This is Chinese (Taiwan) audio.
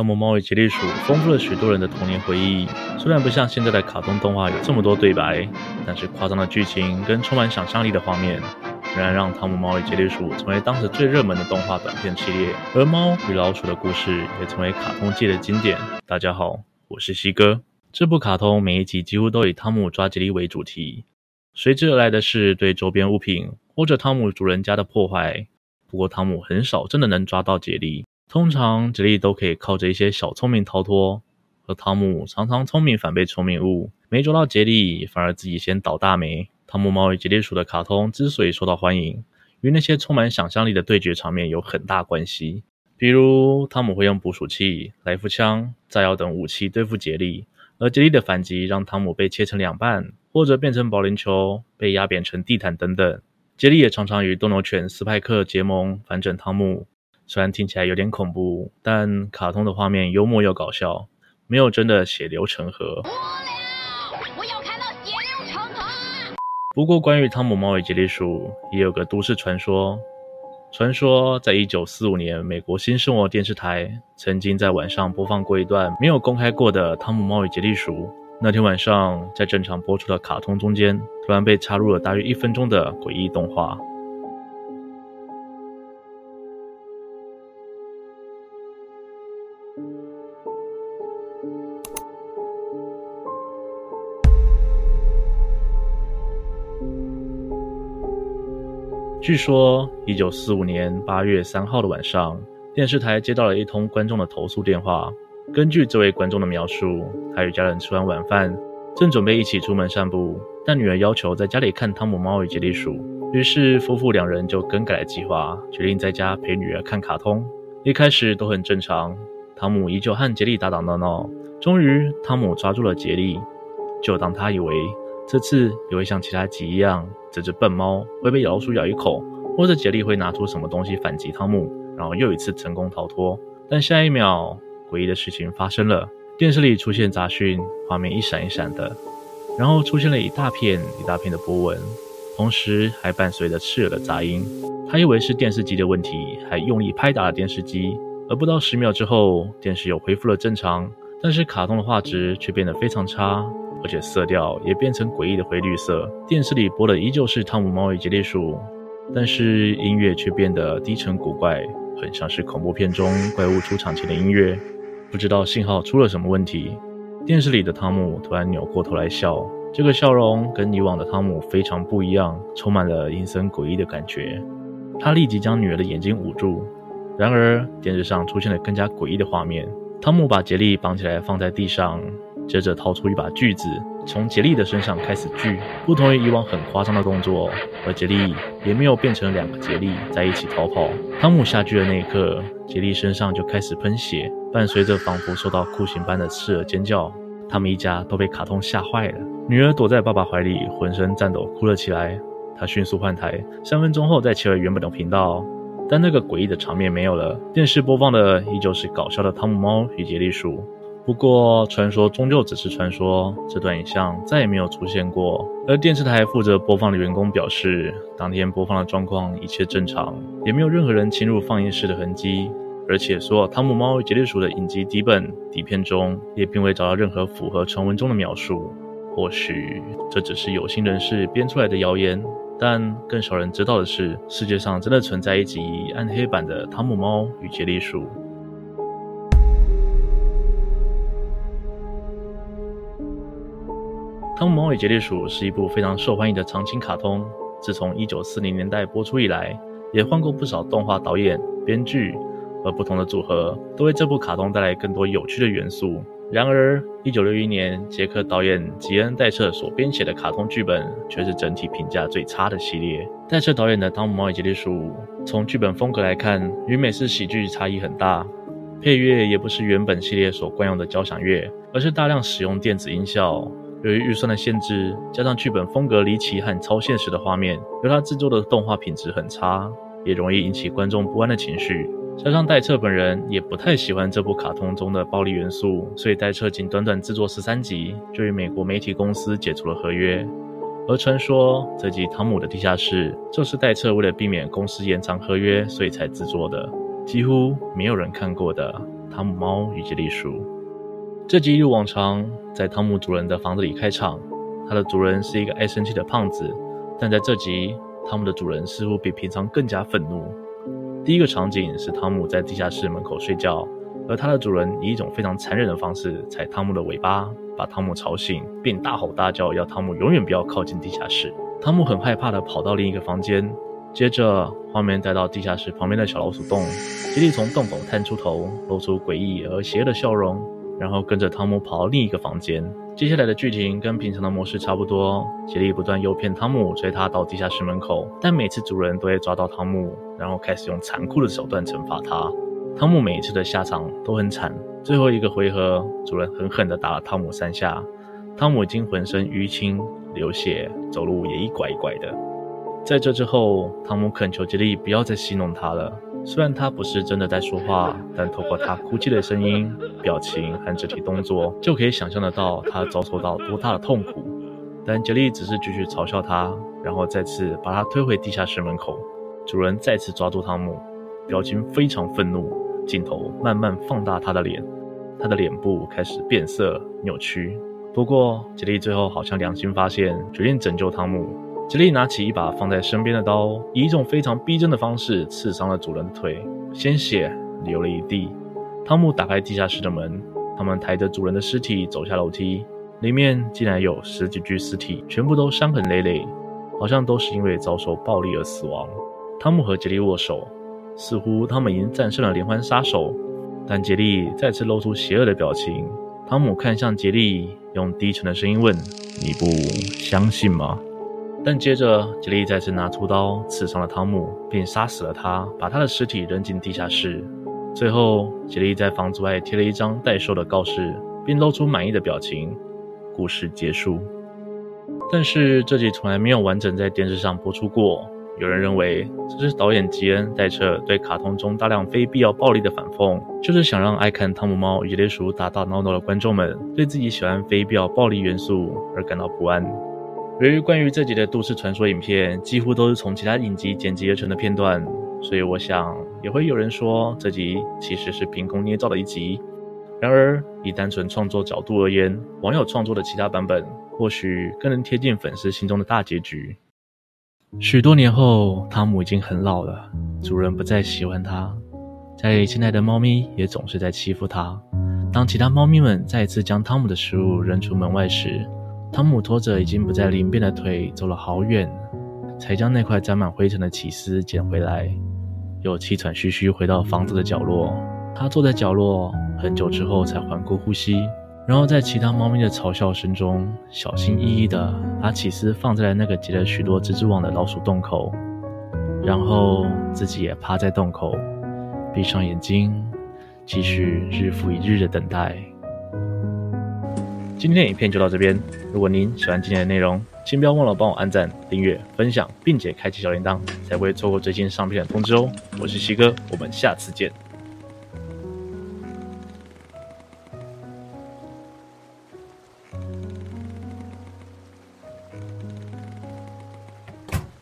湯姆貓與杰利鼠，豐富了許多人的童年回憶。雖然不像現在的卡通動畫有這麼多對白，但是誇張的劇情跟充滿想象力的畫面，仍然讓湯姆貓與杰利鼠成為當時最熱門的動畫短片系列。而貓與老鼠的故事也成為卡通界的經典。大家好，我是希哥。這部卡通每一集幾乎都以湯姆抓杰利為主題，隨之而來的是對周邊物品或者湯姆主人家的破壞。不過湯姆很少真的能抓到杰利。通常傑利都可以靠着一些小聰明逃脫，而湯姆常常聰明反被聰明誤，沒捉到傑利，反而自己先倒大霉。湯姆貓與傑利鼠的卡通之所以受到歡迎，與那些充滿想象力的對決場面有很大關係。比如湯姆會用捕鼠器、來福槍、炸藥等武器對付傑利，而傑利的反擊讓湯姆被切成兩半，或者變成保齡球、被壓扁成地毯等等。傑利也常常與鬥牛犬斯派克結盟，反整湯姆。雖然聽起來有點恐怖，但卡通的畫面幽默又搞笑，沒有真的血流成河。無聊，我要看到血流成河。不過，關於《湯姆貓與傑利鼠》也有個都市傳說，傳說在一九四五年，美國新生活電視台曾經在晚上播放過一段沒有公開過的《湯姆貓與傑利鼠》。那天晚上，在正常播出的卡通中間，突然被插入了大約一分鐘的詭異動畫。據說，一九四五年八月三號的晚上，電視台接到了一通觀眾的投訴電話。根據這位觀眾的描述，他與家人吃完晚飯，正準備一起出門散步，但女兒要求在家裡看《湯姆貓與傑利鼠》，於是夫婦兩人就更改了計劃，決定在家陪女兒看卡通。一開始都很正常，湯姆依舊和傑利打打鬧鬧。終於，湯姆抓住了傑利，就當他以為……這次也會像其他集一樣，這只笨貓會被老鼠咬一口，或者傑利會拿出什麼東西反擊湯姆，然後又一次成功逃脫。但下一秒，詭異的事情發生了：電視裡出現雜訊，畫面一閃一閃的，然後出現了一大片一大片的波紋，同時還伴隨着刺耳的雜音。他以為是電視機的問題，還用力拍打了電視機，而不到十秒之後，電視又恢復了正常，但是卡通的畫質卻變得非常差。而且色調也變成詭異的灰綠色。電視裡播的依舊是《湯姆貓與傑利鼠》，但是音樂卻變得低沉古怪，很像是恐怖片中怪物出場前的音樂。不知道信號出了什麼問題，電視裡的湯姆突然扭過頭來笑，這個笑容跟以往的湯姆非常不一樣，充滿了陰森詭異的感覺。他立即將女兒的眼睛捂住。然而，電視上出現了更加詭異的畫面：湯姆把傑利綁起來放在地上。接着掏出一把鋸子，從傑利的身上開始鋸。不同於以往很誇張的動作，而傑利也沒有變成兩個傑利在一起逃跑。湯姆下鋸的那一刻，傑利身上就開始噴血，伴隨着仿佛受到酷刑般的刺耳尖叫。他們一家都被卡通嚇壞了，女兒躲在爸爸懷裡，渾身顫抖，哭了起來。他迅速換台，三分鐘後再切回原本的頻道，但那個詭異的場面沒有了，電視播放的依舊是搞笑的《湯姆貓與傑利鼠》。不過，傳說終究只是傳說。這段影像再也沒有出現過，而電視台負責播放的員工表示，當天播放的狀況一切正常，也沒有任何人侵入放映室的痕跡。而且所有湯姆貓與傑利鼠的影集底本底片中，也並未找到任何符合傳聞中的描述。或許這只是有心人士編出來的謠言。但更少人知道的是，世界上真的存在一集暗黑版的《湯姆貓與傑利鼠》。《湯姆貓與傑利鼠》是一部非常受歡迎的長青卡通。自從1940年代播出以來，也換過不少動畫導演、編劇和不同的組合，都為這部卡通帶來更多有趣的元素。然而，1961年，捷克導演吉恩·戴徹所編寫的卡通劇本卻是整體評價最差的系列。戴徹導演的《湯姆貓與傑利鼠》從劇本風格來看，與美式喜劇差異很大，配樂也不是原本系列所慣用的交響樂，而是大量使用電子音效。由於預算的限制，加上劇本風格離奇和超現實的畫面，由他制作的動畫品質很差，也容易引起觀眾不安的情緒。加上戴徹本人也不太喜歡這部卡通中的暴力元素，所以戴徹僅短短，短制作十三集，就與美國媒體公司解除了合約。而傳說，這集《湯姆的地下室》正、就是戴徹為了避免公司延長合約，所以才制作的，幾乎沒有人看過的《湯姆貓與傑利鼠》。這集一如往常，在湯姆主人的房子裡開場。他的主人是一個愛生氣的胖子，但在這集，湯姆的主人似乎比平常更加憤怒。第一個場景是湯姆在地下室門口睡覺，而他的主人以一種非常殘忍的方式踩湯姆的尾巴，把湯姆吵醒，並大吼大叫要湯姆永遠不要靠近地下室。湯姆很害怕地跑到另一個房間。接着，畫面帶到地下室旁邊的小老鼠洞，傑利從洞口探出頭，露出詭異而邪惡的笑容。然後跟着湯姆跑到另一個房間。接下來的劇情跟平常的模式差不多，傑利不斷誘騙湯姆追他到地下室門口，但每次主人都會抓到湯姆，然後開始用殘酷的手段懲罰他。湯姆每一次的下場都很慘。最後一個回合，主人狠狠地打了湯姆三下，湯姆已經渾身淤青、流血，走路也一拐一拐的。在這之後，湯姆懇求傑利不要再戲弄他了。雖然他不是真的在說話，但透過他哭泣的聲音、表情和肢體動作，就可以想象得到他遭受到多大的痛苦。但傑利只是繼續嘲笑他，然後再次把他推回地下室門口。主人再次抓住湯姆，表情非常憤怒。鏡頭慢慢放大他的臉，他的臉部開始變色、扭曲。不過傑利最後好像良心發現，決定拯救湯姆。杰利拿起一把放在身邊的刀，以一種非常逼真的方式刺傷了主人的腿，鮮血流了一地。湯姆打開地下室的門，他們抬着主人的屍體走下樓梯，裡面竟然有十幾具屍體，全部都傷痕累累，好像都是因為遭受暴力而死亡。湯姆和杰利握手，似乎他們已經戰勝了連環殺手，但杰利再次露出邪惡的表情。湯姆看向杰利，用低沉的聲音問：“你不相信嗎？”但接着，傑利再次拿出刀刺傷了湯姆，並殺死了他，把他的屍體扔進地下室。最後，傑利在房子外貼了一張待售的告示，並露出滿意的表情。故事結束。但是，這集從來沒有完整在電視上播出過。有人認為，這是導演吉恩·戴徹對卡通中大量非必要暴力的反諷，就是想讓愛看湯姆貓與傑利鼠打打鬧鬧的觀眾們對自己喜歡非必要暴力元素而感到不安。由於關於這集的都市傳說影片幾乎都是從其他影集剪輯而成的片段，所以我想也會有人說這集其實是憑空捏造的一集。然而，以單純創作角度而言，網友創作的其他版本或許更能貼近粉絲心中的大結局。許多年後，湯姆已經很老了，主人不再喜歡他，在現在的貓咪也總是在欺負他。當其他貓咪們再一次將湯姆的食物扔出門外時，湯姆拖着已經不再靈便的腿走了好遠，才將那塊沾滿灰塵的起司撿回來，又氣喘吁吁回、回到房子的角落。他坐在角落很久之後才緩過呼吸，然後在其他貓咪的嘲笑聲中，小心翼翼地把起司放在了那個結了許多蜘蛛網的老鼠洞口，然後自己也趴在洞口，閉上眼睛，繼續日復一日的等待。今天的影片就到這邊。如果您喜歡今天的內容，請不要忘了幫我按贊、訂閱、分享，並且開啟小鈴鐺，才不會錯過最新上片的通知哦。我是希哥，我們下次見。